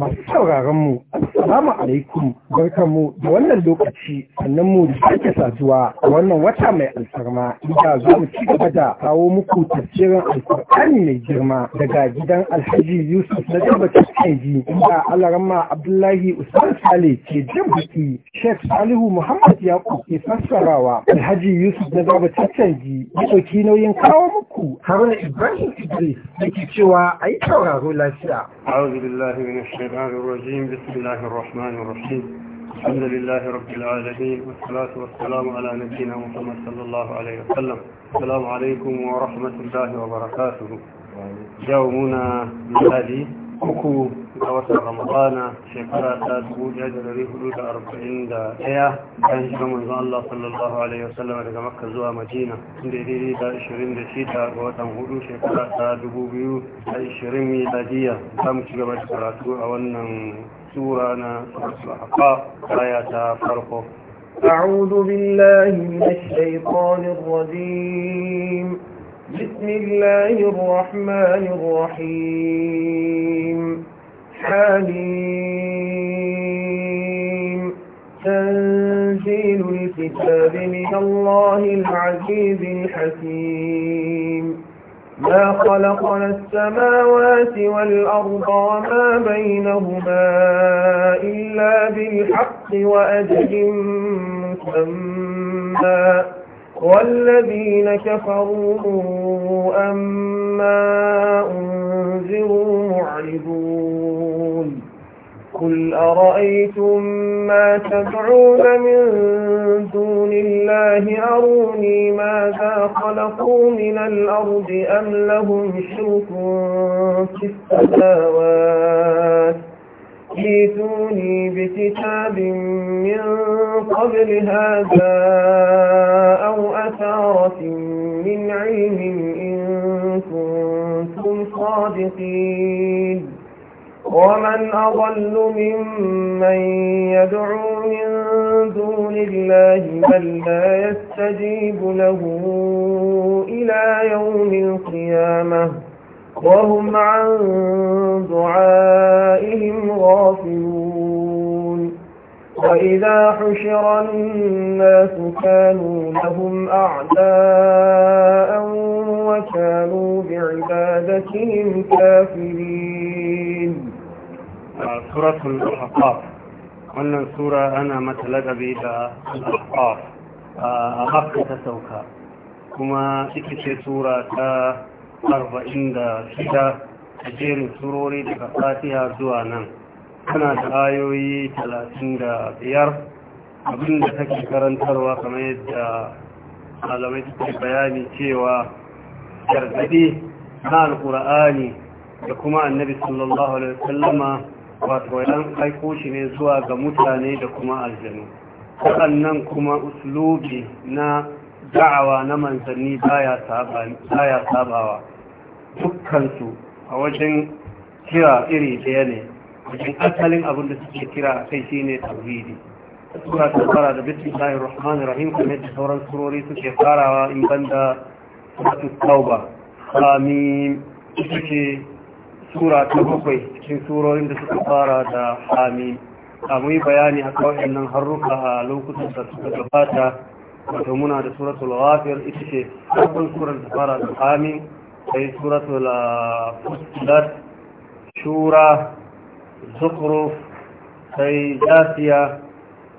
masu sauraron mu assalamu alaikum barkanmu da wannan lokaci sannan mu da sake saduwa a wannan wata mai alfarma inda za mu ci gaba da kawo muku tafsirin alkur'ani mai girma daga gidan alhaji yusuf na tabbata ji da alarama abdullahi usman Saleh ke jan biki sheikh salihu muhammad yakub ke fassarawa alhaji yusuf na zaba ji ya ɗauki nauyin kawo muku haruna ibrahim idris da ke cewa a yi tauraro lafiya أعوذ بالله من الشيطان الرجيم بسم الله الرحمن الحمد لله رب العالمين والصلاة والسلام على نبينا محمد صلى الله عليه وسلم السلام عليكم ورحمة الله وبركاته يومنا uku ga watan ramadana shekara ta dubu biyar da dari hudu da arba'in da 1441 bayan shiga manzon Allah sallallahu alaihi wasallam daga makka zuwa madina inda ya daidai da ashirin da shida ga watan hudu shekara ta dubu biyu da ashirin miladiya za mu ci gaba da karatu a wannan sura na suratul haqa aya ta farko أعوذ بالله من الشيطان الرجيم بسم الله الرحمن الرحيم حليم تنزيل الكتاب من الله العزيز الحكيم ما خلقنا السماوات والأرض وما بينهما إلا بالحق وأجل مسمى والذين كفروا أما أنذروا معرضون قل أرأيتم ما تدعون من دون الله أروني ماذا خلقوا من الأرض أم لهم شرك في السماوات ائتوني بكتاب من قبل هذا أو أثارة من علم إن كنتم صادقين ومن أضل ممن يدعو من دون الله من لا يستجيب له إلى يوم القيامة وهم عن دعائهم وإذا حشر الناس كانوا لهم أعداء وكانوا بعبادتهم كافرين سورة الأحقاف wannan sura ana mata lagabe da al-ahqaf a makka ta kuma ita ce sura ta shida a jerin surori daga fatiha zuwa nan tana da ayoyi talatin da biyar abinda take karantarwa kamar yadda malamai suke bayani cewa gargaɗe na alkur'ani da kuma annabi sallallahu alaihi wasallama wato yan aiko shi ne zuwa ga mutane da kuma aljanu waɗannan kuma uslubi na da'awa na manzanni baya sabawa dukkansu a wajen kira iri ɗaya ne wajen asalin abin da suke kira a kai shine tauhidi sura ta fara da bismillahi rahmanir rahim kuma da sauran surori suke farawa in banda suratu tauba amin ita ce sura ta bakwai cikin surorin da suka fara da amin amuyi bayani a kawai nan harruka a lokutan da suka gabata wato muna da suratul lafiyar ita ce farkon surar da fara da amin sai suratul fusilat shura zukruf sai jasiya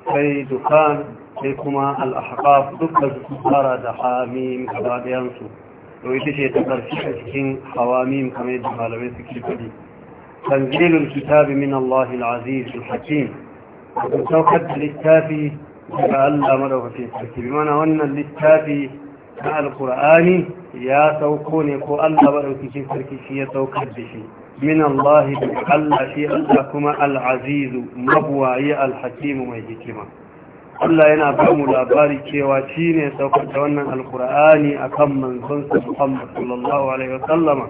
sai dukan sai kuma al'ahqaf dukkan da fara da hamim gaba ɗayansu to ita ce ta ƙarshe a cikin hawamim kamar yadda malamai suke faɗi tanzilul kitabi min Allah al-aziz al-hakim da saukar da littafi daga Allah madaukakin sarki bi mana wannan littafi na alkur'ani ya sauko ne ko Allah madaukakin sarki shi ya saukar da shi min Allah daga Allah shi Allah kuma al'azizu mabuwaye alhakimu mai hikima Allah yana ba mu labari cewa shi ne saukata wannan alkur'ani a kan manzonsa Muhammad sallallahu Alaihi wasallama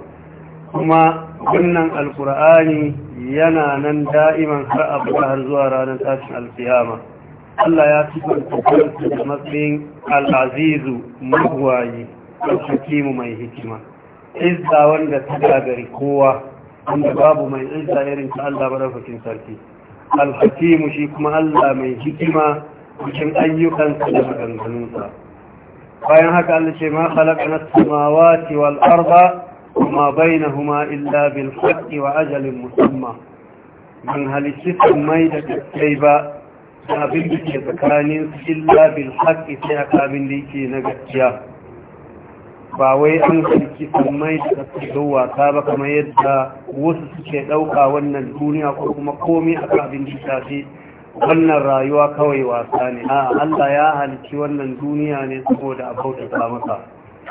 kuma wannan alkur'ani yana nan da'iman har abu har zuwa ranar tashin alfiyama Allah ya fi kwanci da matsayin al'azizu mabuwaye alhakimu mai hikima izza wanda ta gagari kowa wanda babu mai izza irin ta Allah madafakin sarki al shi kuma Allah mai hikima bikin ayyukansa da maganganunsa bayan haka Allah ce ma khalaqana as-samawati wal arda ma bainahuma illa bil haqqi wa ajalin musamma man halisi mai da sai ba abin da ke tsakanin illa bil haqqi sai aka bin da yake na gaskiya ba wai an karki mai da kasar wasa ba kamar yadda wasu suke ɗauka wannan duniya ko kuma komi a abin shafi wannan rayuwa kawai wasa ne a Allah ya halici wannan duniya ne saboda bauta ta masa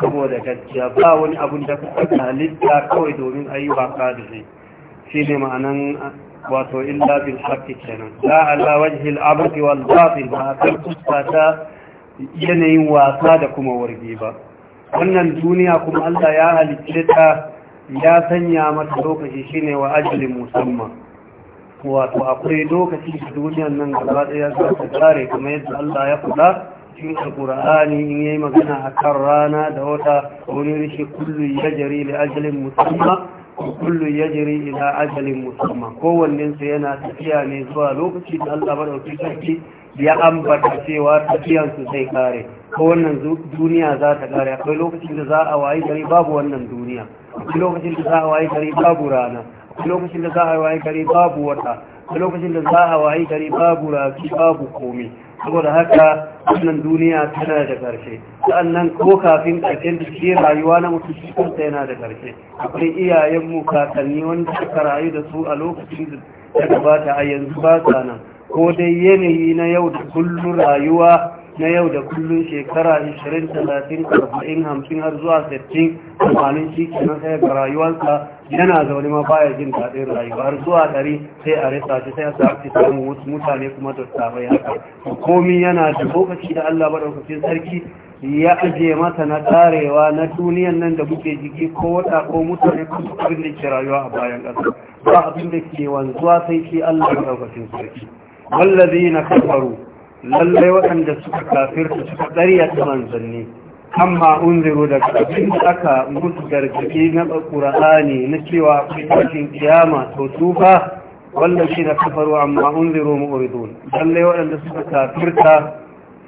saboda gajiya ba wani abin da kuka halitta kawai domin a yi waka da shi shi ne ma'anan wato illa bin haqqi kenan la ala wajhi al abdi wal ba ba kan kusa ta yanayin wasa da kuma wargi ba wannan duniya kuma Allah ya halicce ta ya sanya mata lokaci shine wa ajalin musamman wato akwai lokaci da duniyan nan gaba ɗaya, za ta tsare kuma yadda Allah ya faɗa cikin alkur'ani in yayi magana a kan rana da wata wani rishi kullu jari da ajalin musamman kullu jari ila ajalin musamman kowannensa yana tafiya ne zuwa lokaci da Allah madauki sarki ya ambata cewa tafiyansu zai kare ko wannan duniya za ta kare akwai lokacin da za a wayi gari babu wannan duniya akwai lokacin da za a wayi gari babu rana akwai lokacin da za a wayi gari babu wata akwai lokacin da za a wayi gari babu rafi babu komai saboda haka wannan duniya tana da ƙarshe sannan ko kafin karshen da ke rayuwa na mutum shi kanta yana da ƙarshe akwai iyayenmu kakanni wanda suka rayu da su a lokacin da ta gabata a yanzu ba sa nan ko dai yanayi na yau da kullum rayuwa na yau da kullum shekara 20 30 40 50 har zuwa 60 amfanin shi nan sai ga rayuwarsa yana zaune ma baya jin daɗin rayuwa har zuwa ɗari sai a rasa shi sai a sarfi samun wasu mutane kuma da tsabai haka komi yana da lokaci da Allah maɗaukacin sarki ya aje mata na ƙarewa na duniyan nan da muke jiki ko wata ko mutane ko abin da ke rayuwa a bayan ƙasa ba abin da ke wanzuwa sai shi Allah maɗaukacin sarki wallazi na kafaru lallai waɗanda suka kafirta suka ɗariya ta manzanni amma unziru da abin da aka mutu gargaɗi na ƙura'ani na cewa akwai kiyama to tufa wallazi na kafaru amma unziru mu'ridun lallai waɗanda suka kafirta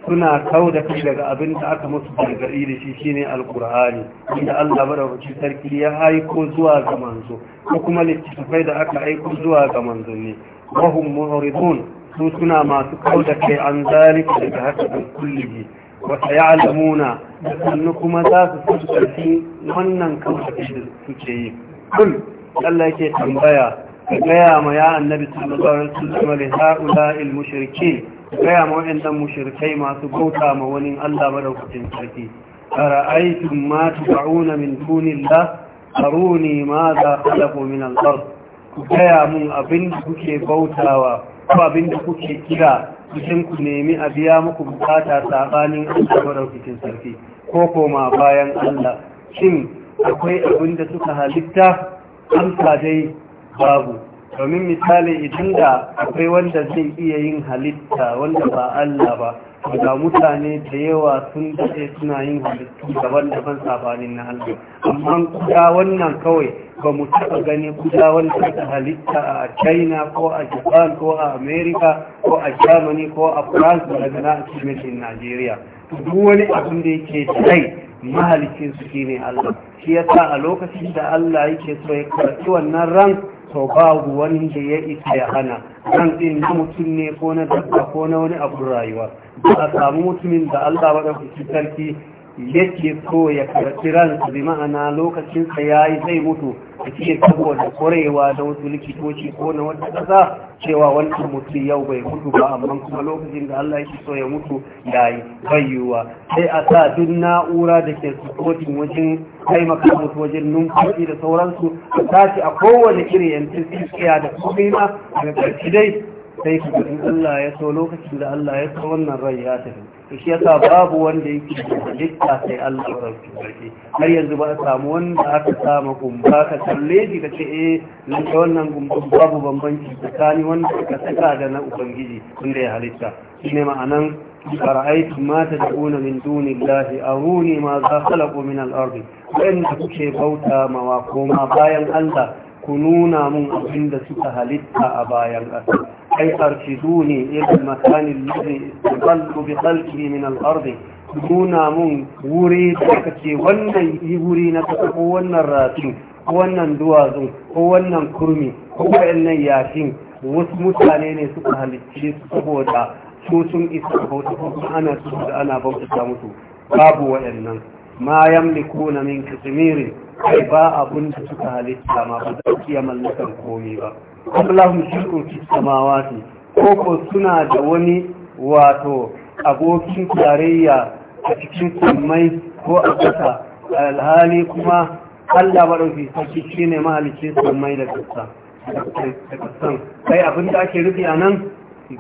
suna kau da kai daga abin da aka musu gargaɗi da shi shine alƙur'ani inda Allah madaukakin sarki ya aiko zuwa ga manzo ko kuma littattafai da aka aiko zuwa ga manzanni wahum mu'ridun su suna masu kauda da kai an zalika daga haka da kullum. wata ya alamuna sannu kuma za su su ƙarfi wannan kau da kai suke yi kul Allah yake tambaya ka gaya ma ya annabi sallallahu alaihi wasallam li haula al mushrikin gaya ma wa'annan mushrikai masu bauta ma wani Allah madaukakin sarki ara'aytum ma tad'una min dunillah aruni ma za khalaqu min al-ard gaya mun abin kuke bautawa ababin da kuke kira cikin ku nemi a biya muku bukata sabanin Allah cikin sarki ko koma bayan Allah shin akwai abin da suka halitta amsa dai babu domin misali idan da akwai wanda zai iya yin halitta wanda ba Allah ba ga mutane da yawa sun daɗe suna yin halittu daban-daban sabanin na Allah amma kuda wannan kawai ba mu taɓa gani kuda wannan da halitta a china ko a japan ko a america ko a germany ko a france da gana a cikin nigeria duk wani abin da yake kai mahalicin su shine Allah shi yasa a lokacin da Allah yake so ya karɓi wannan ran to babu wanda ya isa ya hana nan din na mutum ne ko na dabba ko na wani abin rayuwa ba a samu mutumin da Allah ba da sarki yake so ya karfi ransa bi ma'ana lokacinsa ya yi zai mutu da ke saboda kwarewa da wasu likitoci ko na wata ƙasa cewa wancan mutu yau bai mutu ba amma kuma lokacin da Allah yake so ya mutu ya yi bayyuwa sai a sa duk na'ura da ke sukotin wajen taimaka mutu wajen numfashi da sauransu a tashi a kowane irin yanzu tsiya da kuma a ga dai sai ku in Allah ya so lokacin da Allah ya so wannan rai ya tafi shi yasa babu wanda yake halitta sai Allah ya rauki barke har yanzu ba a samu wanda aka sama gumba ka kalle shi ka ce eh nan da wannan gumba babu bambanci tsakani wanda ka saka da na ubangiji wanda ya halitta shine ma'anan mata ma tad'una min a aruni ma za khalaqu min al-ardi wa'in kuke bauta mawa koma bayan Allah ku nuna mun abin da suka halitta a bayan ƙasa أي أرشدوني إلى المكان الذي استقلت بخلقه من الأرض nuna mun wuri da aka ce wannan yi wuri na kasa ko wannan ratin ko wannan duwatsun ko wannan kurmi ko wannan yashin wasu mutane ne suka halicce su saboda su sun isa bauta ko ana su da ana bauta musu babu waɗannan ma yamlikuna min kasimirin ai ba abun da suka halitta ma ba za iya mallakar komai ba ablahum shirkun samawati koko suna da wani wato abokin tarayya a cikin kummai ko a ƙasa alhali kuma Allah maɗauki sarki shi ne mahalicin kummai da ƙasa kai abin da ake rufi a nan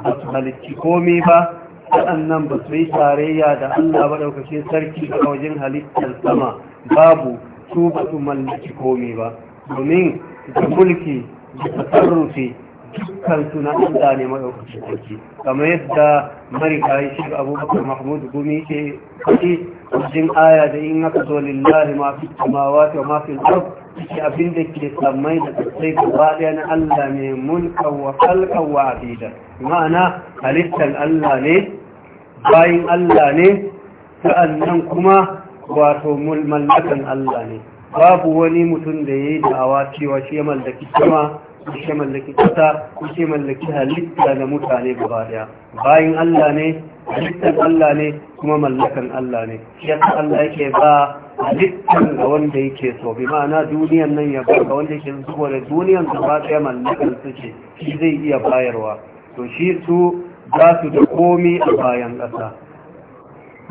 ba su halicci komai ba waɗannan ba su yi tarayya da Allah maɗaukacin sarki a wajen halittar sama babu su ba su mallaki komai ba domin da mulki da tasarrufi dukkan suna Allah ne maɗaukacin sarki kamar yadda marigayi shi abubakar mahmud gumi ke faɗi wajen aya da in aka zo lillahi masu samawa ta masu ɗau shi abin da ke samai da tsaye gaba ɗaya na Allah ne mulkan wa kalkan wa abida ma'ana halittar Allah ne bayin Allah ne sa'annan kuma wato mallakan Allah ne babu wani mutum da ya yi da'awa cewa shi ya mallaki kama ko shi ya mallaki kasa ko shi ya mallaki halitta da mutane gaba daya bayan Allah ne halittar Allah ne kuma mallakan Allah ne shi yasa Allah yake ba halittar ga wanda yake so bi ma'ana duniyan nan ya ba ga wanda yake so da duniyan ba daya mallakan su ce shi zai iya bayarwa to shi su za su da komi a bayan ƙasa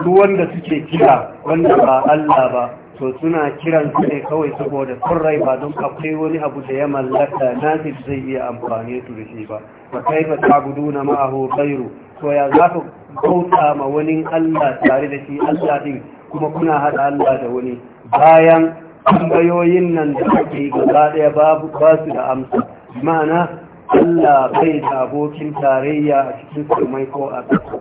duk wanda suke kira wanda ba Allah ba to suna kiran su ne kawai saboda rai ba don akwai wani abu da ya mallaka nasib zai iya amfani su da shi ba ba kai ba ta gudu na ma'ahu khairu to ya za ku bauta ma wani Allah tare da shi Allah din kuma kuna hada Allah da wani bayan tambayoyin nan da ake gaba daya babu ba su da amsa ma'ana Allah bai da abokin tarayya a cikin sumai ko a ƙasa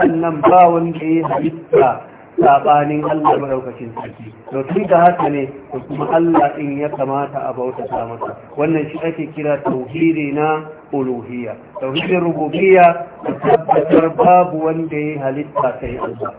sannan ba wanda ya halitta sabanin Allah madaukakin sarki to tun da haka ne to kuma Allah in ya kamata a bauta ta masa wannan shi ake kira tauhidi na uluhiyya tauhidin rububiyya tabbatar babu wanda ya halitta sai Allah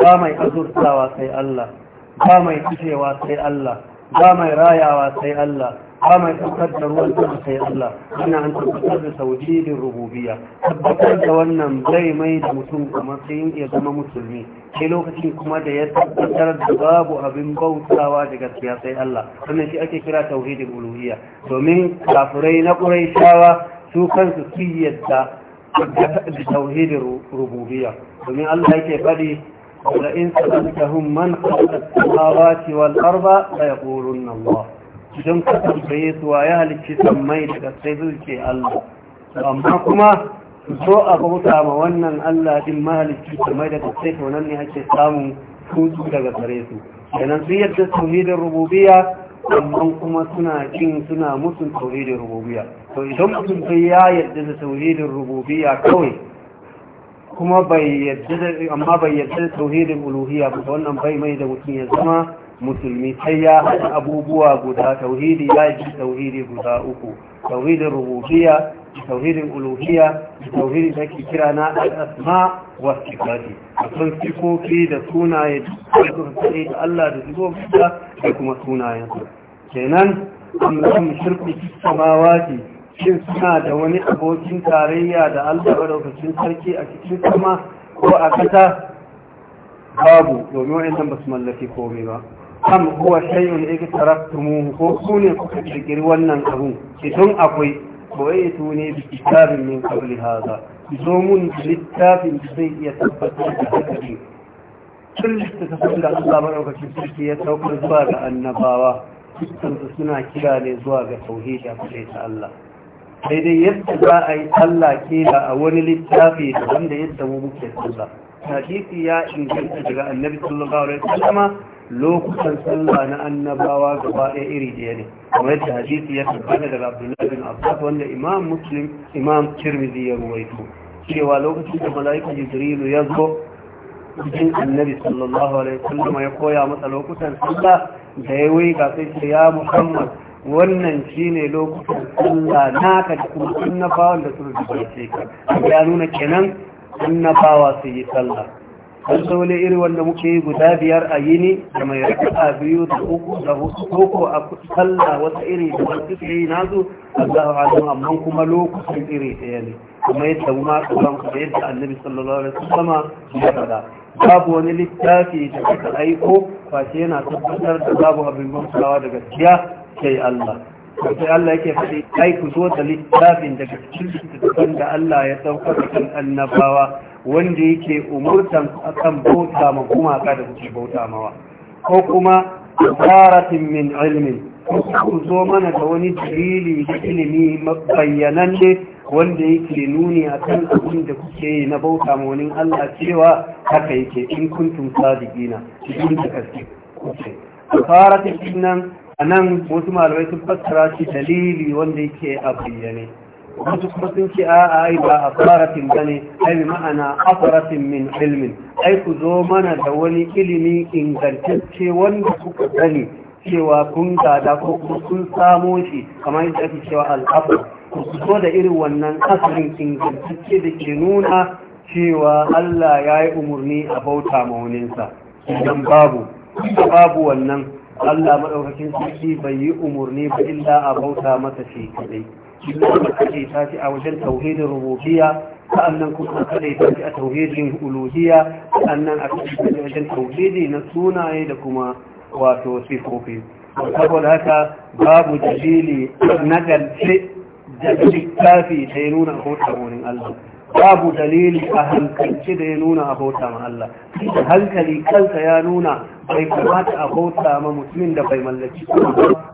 ba mai azurtawa sai Allah ba mai kishewa sai Allah ba mai rayawa sai Allah ba mai ɗaukar da ruwan sama sai Allah ana an tabbatar da tauhidin rububiyya tabbatar da wannan zai mai da mutum kamar sai ya zama musulmi sai lokacin kuma da ya tabbatar da babu abin bautawa daga gaskiya Allah wannan shi ake kira tauhidin uluhiyya domin kafirai na ƙuraishawa su kansu su yadda da tauhidin rububiyya domin Allah yake faɗi ولئن سألتهم من خلق السماوات والأرض ليقولن الله idan ka tambaye su wa ya halicci sammai daga sai zuce Allah amma kuma so a bauta ma wannan Allah din mahalicci sammai daga sai to nan ne ake samun hutu daga gare su kenan sun yadda tauhidin rububiyya amma kuma suna kin suna musun tauhidin rububiyya to idan mutum bai ya yadda da tauhidin rububiyya kawai kuma bai yadda amma bai yadda da tauhidin uluhiyya ba wannan bai mai da mutum ya zama musulmi sai ya haɗa abubuwa guda tauhidi ya yi tauhidi guda uku tauhidin rububiya, tauhidin uluhiyya tauhidin da ke kira na al'asma wa sifati akwai sifofi da sunaye da suka da Allah da sifofinsa da kuma sunayensa kenan amlahum shirku fi samawati shin suna da wani abokin tarayya da Allah madaukakin sarki a cikin sama ko a kasa babu domin nan ba su mallaki komai ba kam huwa shay'un iktaraftumuhu ko ku ne kuka kirkiri wannan abu idan akwai su ne bi kitabin min qabli zo mun littafin da zai iya tabbatar da haka ne tun littafin da Allah madaukakin sarki ya saukar zuwa ga annabawa dukkan su suna kira ne zuwa ga tauhidi a kuɗe ta Allah sai dai yadda za a yi Allah kera a wani littafi da wanda yadda mu muke tsalla hadisi ya inganta daga annabi sallallahu alaihi wasallam lokutan sallah na annabawa gaba ɗaya iri ɗaya ne kamar yadda hadisi ya tabbata daga abdullahi bin abbas wanda imam muslim imam tirmidhi ya ruwaito cewa lokacin da mala'ika jibrilu ya zo cikin annabi sallallahu alaihi wasallam ya koya masa lokutan sallah da ya wai ga sai ya muhammad wannan shine lokutan sallah naka da kuma annabawan da suka gabace ka ya nuna kenan annabawa su yi sallah kalsole iri wanda muke yi guda biyar a yini da mai rikata biyu da uku da hudu a kalla wata iri da wasu ke yi nazu a alam amma kuma lokacin iri ɗaya ne kuma yadda mu ma kuma yadda annabi sallallahu alaihi sama ya faɗa babu wani littafi da suka aiko face yana tabbatar da babu abin bamsawa da gaskiya sai allah sai Allah yake faɗi ai ku zo da littafin daga cikin da Allah ya saukar kan annabawa wanda yake umurtan akan bauta ma gumaka da kuke bauta mawa ko kuma tsaratin min ilmin ku zo mana da wani dalili da ilimi bayyananne wanda yake nuni akan kan abin da kuke na bauta ma wani Allah cewa haka yake in kuntum sadiqina cikin da kaske kuce tsaratin nan a nan wasu malamai sun fassara shi dalili wanda yake a bayyane wasu kuma sun ce a ba a faratin ba ne ai ma'ana afaratin min ilmin ai ku zo mana da wani ilimi ingantacce wanda kuka sani cewa kun gada ko kuma kun samo shi kamar yadda ake cewa al'afar ku zo da irin wannan asirin ingantacce da ke nuna cewa Allah ya yi umarni a bauta mauninsa idan babu babu wannan Allah maɗaukakin sarki bai yi umarni ba illa a bauta masa shi kadai illa ba kaɗe ta shi a wajen tauhidin rububiyya sa'annan kuma kaɗe ta shi a tauhidin uluhiyya sa'annan a kaɗe ta shi a wajen tauhidi na sunaye da kuma wato sifofi saboda haka babu dalili na galce da littafi ta ya nuna a bauta wurin Allah babu dalili a hankalci da ya nuna a bauta ma Allah hankali kansa ya nuna bai kamata a bauta ma mutumin da bai mallaki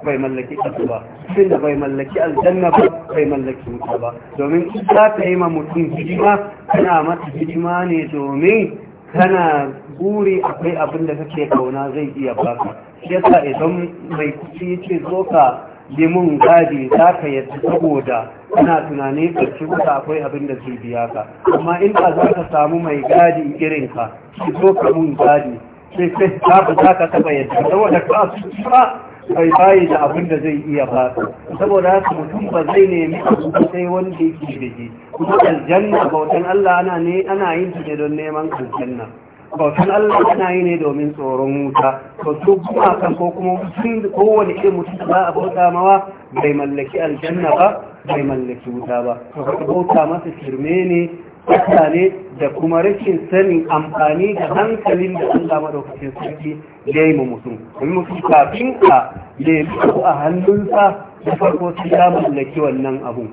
bai mallaki kasu ba mutumin da bai mallaki aljanna ba bai mallaki wuta ba domin za ka yi ma mutum hidima kana mata hidima ne domin kana buri akwai abin da kake kauna zai iya baka shi yasa idan mai kuci ce zo ka limun mun gadi za ka yadda saboda ana tunanin ƙarshe wuta akwai abin da zai biya ka amma in ba za ka samu mai gadi irin ka ki zo ka mun gadi sai sai za ka za ka taɓa yadda saboda ka su ba bai bayi da abin da zai iya ba saboda haka mutum ba zai nemi abu sai wanda yake da shi kuma aljanna bautan Allah ana yin don neman aljanna bautan Allah na yi ne domin tsoron wuta to su kuma kan ko kuma mutum kowane irin mutum da za a bauta mawa bai mallaki aljanna ba bai mallaki wuta ba to bauta masa firme ne tsaka da kuma rashin sanin amfani da hankalin da Allah madaukakin sarki ya yi mutum Kuma mutum kafin ka nemi a hannunsa da farko sai ya mallaki wannan abun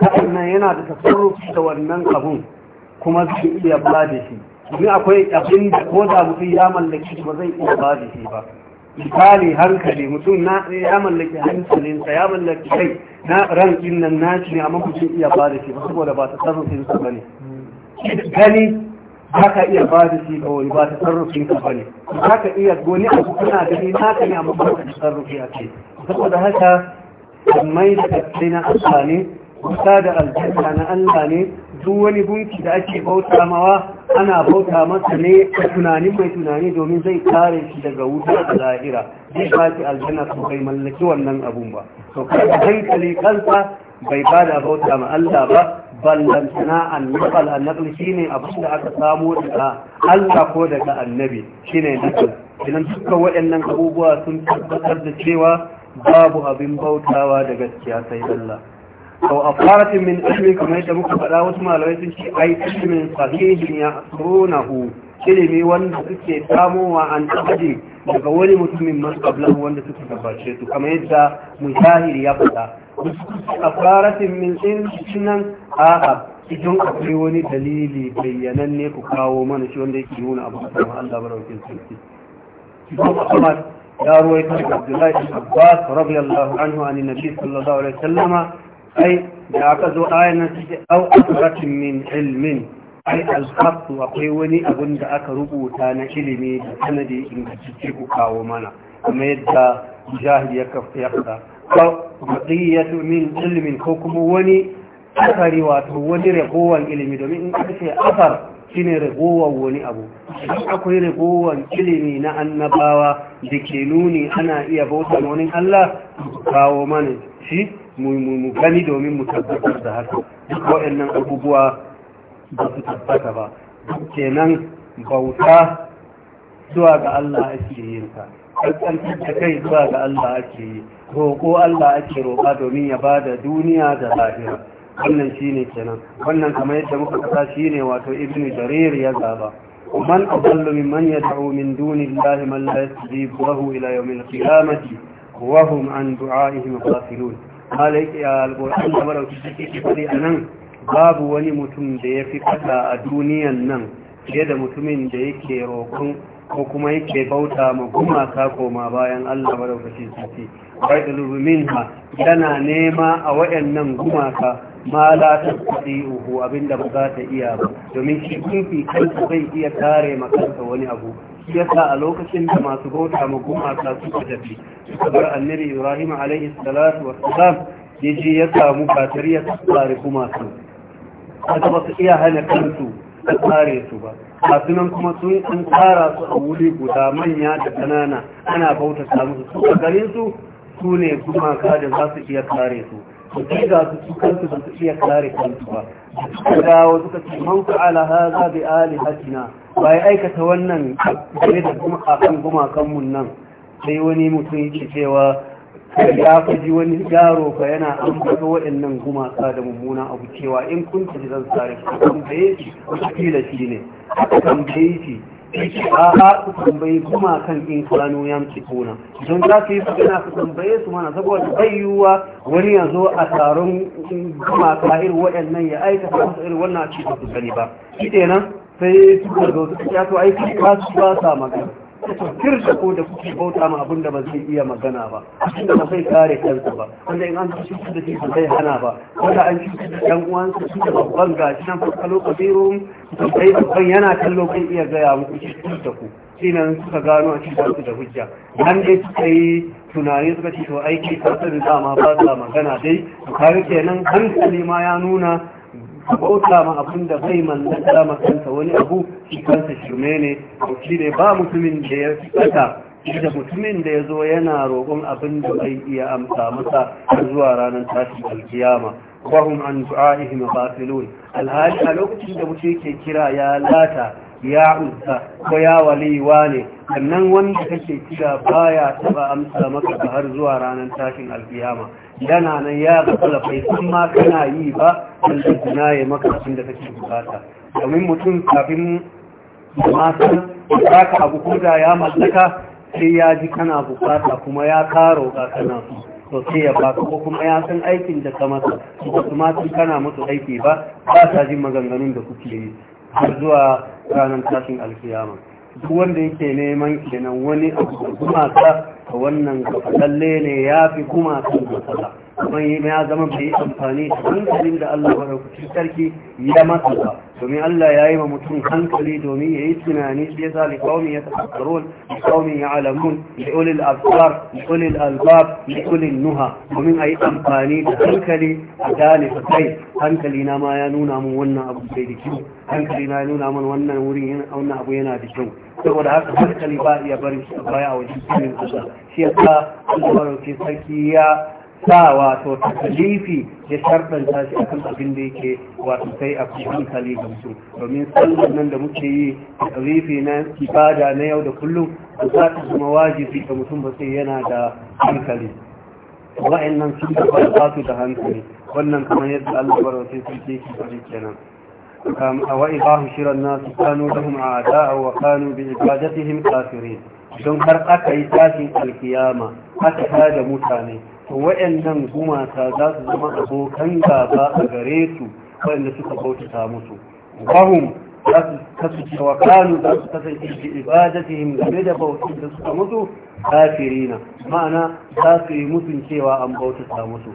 sa'annan yana da tasarrufi da wannan abun kuma zai iya ba shi domin akwai abin da ko da mutum ya mallaki ba zai iya ba da shi ba misali hankali mutum na ya mallaki hankalinsa ya mallaki kai na rankin nan shi ne amma mutum iya ba da shi ba saboda ba ta sarrafin sa bane gani haka iya ba da shi ba wani ba ta sarrafin sa bane haka iya goni a abu kana gani naka ne amma ba ta sarrafi a ce saboda haka mai da kai na Allah ne kusa da aljanna na Allah ne duk wani gunki da ake bauta mawa ana bauta masa ne a tunanin mai tunani domin zai kare shi daga wuta a zahira zai ba shi aljanna su bai mallaki wannan abun ba to kada hankali kansa bai ba da bauta ma Allah ba ballantana annabal annabal shine abin da aka samo daga Allah ko daga annabi shine nakal idan dukkan waɗannan abubuwa sun tabbatar da cewa babu abin bautawa da gaskiya sai Allah أو أطارة من علم كما malamai فلا وسمع لويتنشي أي علم صحيح يأثرونه ilimi wanda suke samowa an taɓaɗe daga wani mutumin masu wanda suka gabace su kamar yadda mujahiri ya faɗa a faratin a'a idan akwai wani dalili bayyanan ne ku kawo mana shi wanda yake nuna abu a sama Allah baraukin sarki Ibn Ahmad ya ruwaita Abdullahi Abbas radiyallahu anhu an Nabi sallallahu alaihi wasallama ai da aka zo ayan nan take au asratin min ilmin ai alhaqu akwai wani abun da aka rubuta na ilimi da sanadi in cike ku kawo mana kuma yadda jahil ya ya fada ko baqiyatu min ko kuma wani asari wato wani ragowar ilimi domin in aka ce asar shine ragowar wani abu idan akwai ragowar ilimi na annabawa dake nuni ana iya bauta wani Allah kawo mana shi mu gani domin mu tabbatar da haka duk waɗannan abubuwa ba su tabbata ba kenan bauta zuwa ga Allah ake yin ta ƙarƙantar da kai zuwa ga Allah ake yi roƙo Allah ake roƙa domin ya ba da duniya da lahira wannan shi ne kenan wannan kamar yadda muka kasa shi ne wato ibn jarir ya zaba man adallu mimman yad'u min dunillahi man la yastajibu lahu ila yawmil qiyamati wa hum an du'a'ihim ghafilun malaki alƙur'an da marauki suke kifari a nan babu wani mutum da ya fi kasa a duniyan nan fiye da mutumin da yake roƙon ko kuma yake bauta ma gumaka koma bayan allah maraukaci suke bai ɗalubumin ha yana nema a waɗannan gumaka ma la ta kuɗi uku abinda ba za ta iya ba domin shi kunfi kansa zai iya kare makansa wani abu yasa a lokacin da masu bauta ma gumaka suka tafi suka bar annabi ibrahim alaihi salatu wa salam je ya samu batar ya tsare su aka ba su iya hana kansu ta tsare su ba masu nan kuma sun an tsara su a wuri guda manya da ƙanana ana bauta musu su a garin su su ne gumaka da za su iya tsare su su ga su su kansu da su iya tsare kansu ba suka dawo suka ce man fa'ala hadha bi na. ba ya aikata wannan game da kuma akan gumakanmu nan sai wani mutum yake cewa ya faji wani garo ka yana an baka waɗannan gumaka da mummuna abu cewa in kun ta ji zan sare ku tambaye shi wata kila shi ne aka tambaye shi a'a ku tambayi gumakan in kano ya mci kona don za ku yi magana ku tambaye su mana saboda bai yiwuwa wani ya zo a taron gumaka irin waɗannan ya aikata wasu irin wannan a cikin su gani ba shi nan. sai suka zo suka ya to aiki ba su ba sa magana kir da ko da kuke bauta ma abin da ba zai iya magana ba abin da ba zai kare kansa ba wanda in an su da shi ba zai hana ba wanda an su da ɗan su shi da babban shi nan fuska lokacin sai babban yana kallo kan iya gaya muku shi da ku su suka gano a cikin da hujja nan dai suka yi tunani suka ce to aiki kasar dama ba sa magana dai kare kenan hankali ma ya nuna a bauta ma abin da bai mallaka makansa wani abu shi kansa shirme ne shi ne ba mutumin da ya fata da mutumin da ya zo yana roƙon abin da bai iya amsa masa zuwa ranar tashin alkiyama wahum an du'a'ihim batilun alhali a lokacin da mutum ke kira ya lata ya uzza ko ya waliwa ne sannan wanda kake kira baya taba amsa maka har zuwa ranar tashin alkiyama yana nan ya gafala bai san ma kana yi ba wanda tuna ya makasin da kake bukata domin mutum kafin masu ya ka abu kuda ya mallaka sai ya ji kana bukata kuma ya karo ga kana su to sai ya baka ko kuma ya san aikin da ka masa ba su ma sun kana musu aiki ba ba sa jin maganganun da kuke yi har zuwa ranar tashin alkiyama duk wanda yake neman kenan wani abu ta wannan tsalle ne ya fi kan matsala kuma ya zama bai amfani da hankalin da Allah maɗaukacin sarki ya masa ba domin Allah ya yi wa mutum hankali domin ya yi tunani shi ya zali kawai ya tafakkarun kawai ya alamun da ulil asfar da ulil albab da ulil nuha domin a yi amfani da hankali a gane kai hankali na ma ya nuna mun wannan abu bai da kyau hankali na ya nuna mun wannan wurin wannan abu yana da kyau saboda haka hankali ba iya bari su baya a wajen cikin kusa shi ya sa albarauke sarki ya sa wato takalifi ya ta shi akan abin da yake wato sai a hankali ga mutum domin sallar nan da muke yi takalifi na ibada na yau da kullum ba za ta zama wajibi ga mutum ba sai yana da hankali wa'annan sun da ba da hankali wannan kamar yadda Allah barauke sarki yake faɗi kenan وإذا هشر الناس كانوا لهم أعداء وكانوا بعبادتهم كافرين don har aka yi tashin alkiyama aka da mutane waɗannan gumata za su zama abokan gaba a gare su waɗanda suka bautata musu su kasance wa kanu za su kasance game da bautin da suka ma'ana za su yi cewa an bautata musu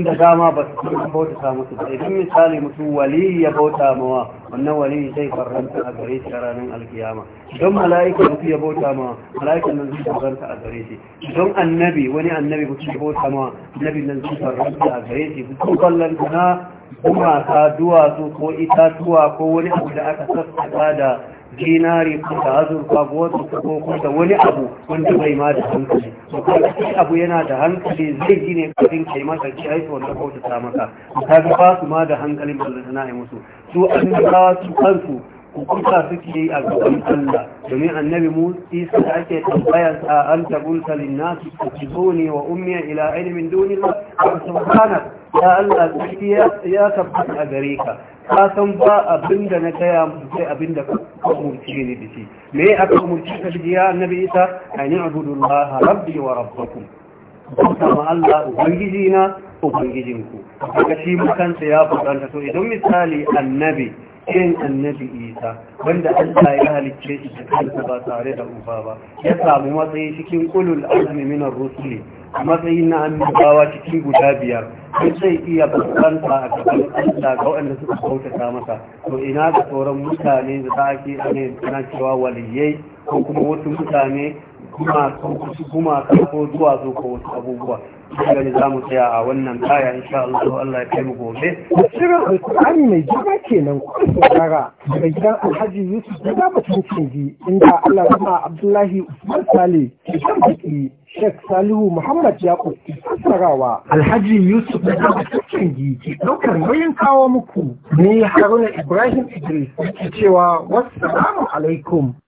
da dama ba su kuma bauta musu ba idan misali mutum wali ya bauta mawa wannan wali zai faranta a gare shi ranar alkiyama don mala'ika mutum ya bauta mawa mala'ikan nan zai faranta a gare shi don annabi wani annabi mutum ya bauta mawa annabi nan zai faranta a gare shi mutum kallon na kuma ta duwatsu ko itatuwa ko wani abu da aka sassaka da dinari ko da azurfa ko wata ko da wani abu wanda bai ma da hankali to kuma shi abu yana da hankali zai ji ne kafin kai masa ki ai to wanda kauta ta maka ka ga ba su ma da hankalin ballan ai musu su an su kansu kuka suke yi a gaban Allah domin annabi mu isa da ake tambaya a an tabulta linnasu ta cizo wa ummiya ila ilimin duniya a subhana ya Allah tsaki ya tabbata a gare ka ka san ba abin da na gaya sai abin da ka umurci ne da shi me aka umurci ka ji annabi isa an ya'budu Allah rabbi wa rabbakum bauta ma Allah ubangiji na ubangijinku haka shi makansa ya bukanta to idan misali annabi irin annabi isa wanda allah ya halicce shi da kansa ba tare da uba ba ya samu matsayi cikin ulul azmi min rusuli matsayin na annabawa cikin guda biyar sai zai iya bambanta a gaban allah ga waɗanda suka kautata masa to ina ga sauran mutane da za a ke na cewa waliyai ko kuma wasu mutane kuma ko zuwa ko wasu abubuwa daga za mu tsaya a wannan kaya insha Allah Allah ya kai mu gobe shirin alkur'ani mai jama kenan kara daga gidan alhaji yusuf da za mu tunji inda Allah kuma abdullahi usman sale ke kan baki Sheikh Salihu Muhammad Yakub ke fassarawa Alhaji Yusuf da zama cikin ke ɗaukar nauyin kawo muku ni Haruna Ibrahim Idris ke cewa wassalamu alaikum